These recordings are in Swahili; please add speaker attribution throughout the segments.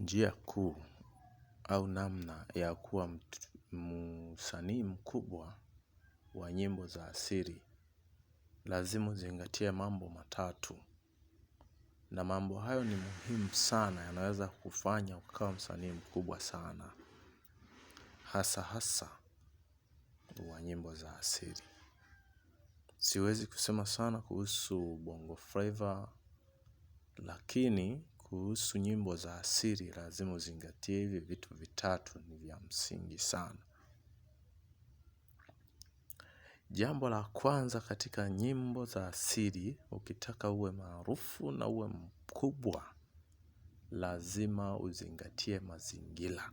Speaker 1: Njia kuu au namna ya kuwa msanii mkubwa wa nyimbo za asili. Lazima uzingatie mambo matatu. Na mambo hayo ni muhimu sana yanaweza kufanya ukawa msanii mkubwa sana. Hasa hasa wa nyimbo za asili. Siwezi kusema sana kuhusu bongo flava lakini kuhusu nyimbo za asili lazima uzingatie hivi vitu vitatu ni vya msingi sana. Jambo la kwanza katika nyimbo za asili ukitaka uwe maarufu na uwe mkubwa lazima uzingatie mazingira.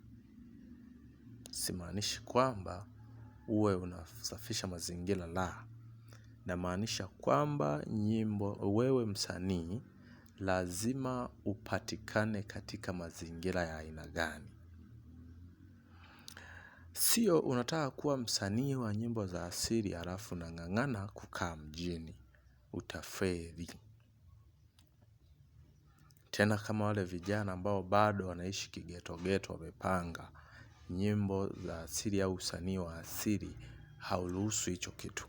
Speaker 1: Simaanishi kwamba uwe unasafisha mazingira la namaanisha kwamba nyimbo wewe msanii lazima upatikane katika mazingira ya aina gani? Sio unataka kuwa msanii wa nyimbo za asili halafu nang'ang'ana kukaa mjini, utafeli. Tena kama wale vijana ambao bado wanaishi kigetogeto wamepanga nyimbo za asili au usanii wa asili hauruhusu hicho kitu.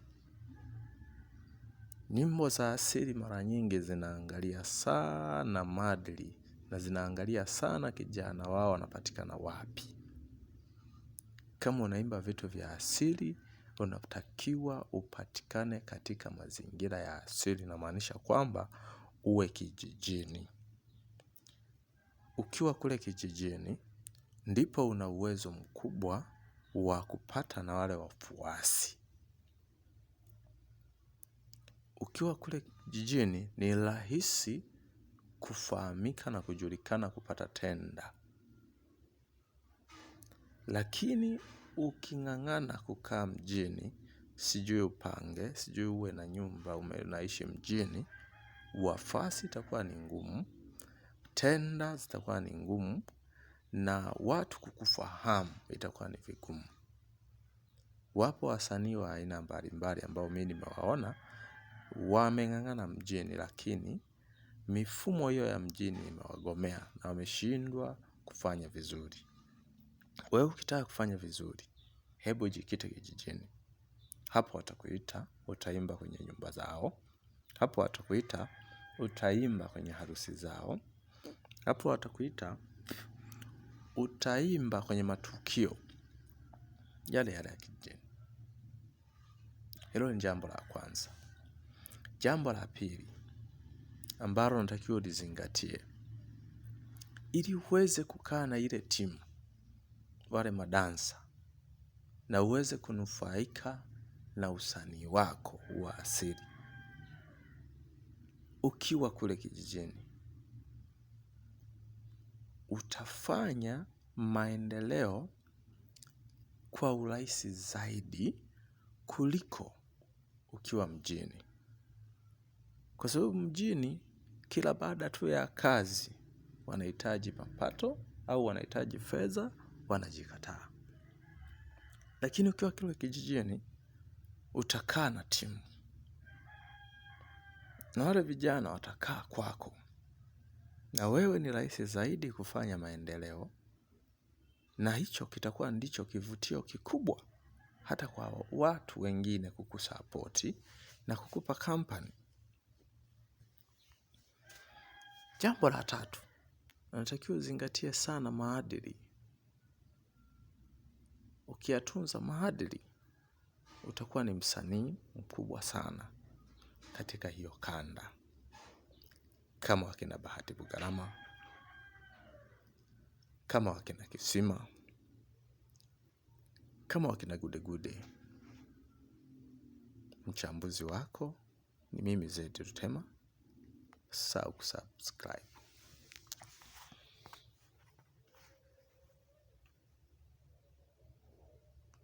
Speaker 1: Nyimbo za asili mara nyingi zinaangalia sana madili na zinaangalia sana kijana wao wanapatikana wapi. Kama unaimba vitu vya asili, unatakiwa upatikane katika mazingira ya asili inamaanisha kwamba uwe kijijini. Ukiwa kule kijijini, ndipo una uwezo mkubwa wa kupata na wale wafuasi. Ukiwa kule jijini ni rahisi kufahamika na kujulikana kupata tenda. Lakini uking'ang'ana kukaa mjini, sijui upange, sijui uwe na nyumba unaishi mjini, wafasi itakuwa ni ngumu, tenda zitakuwa ni ngumu, na watu kukufahamu itakuwa ni vigumu. Wapo wasanii wa aina mbalimbali ambao mi nimewaona Wameng'ang'ana mjini lakini mifumo hiyo ya mjini imewagomea na wameshindwa kufanya vizuri. Wewe ukitaka kufanya vizuri, hebu jikite kijijini. Hapo watakuita, utaimba kwenye nyumba zao. Hapo watakuita, utaimba kwenye harusi zao. Hapo watakuita, utaimba kwenye matukio yale yale ya kijijini. Hilo ni jambo la kwanza. Jambo la pili ambalo unatakiwa ulizingatie ili uweze kukaa na ile timu wale madansa na uweze kunufaika na usanii wako wa asili ukiwa kule kijijini, utafanya maendeleo kwa urahisi zaidi kuliko ukiwa mjini. Kwa sababu mjini, kila baada tu ya kazi, wanahitaji mapato au wanahitaji fedha, wanajikataa. Lakini ukiwa kule kijijini, utakaa na timu. Na wale vijana watakaa kwako. Na wewe ni rahisi zaidi kufanya maendeleo. Na hicho kitakuwa ndicho kivutio kikubwa hata kwa watu wengine kukusapoti na kukupa kampani. Jambo la tatu, unatakiwa uzingatie sana maadili. Ukiyatunza maadili, utakuwa ni msanii mkubwa sana katika hiyo kanda, kama wakina Bahati Bugarama, kama wakina Kisima, kama wakina Gudegude. Mchambuzi wako ni mimi Zedi Rutema. sub subscribe.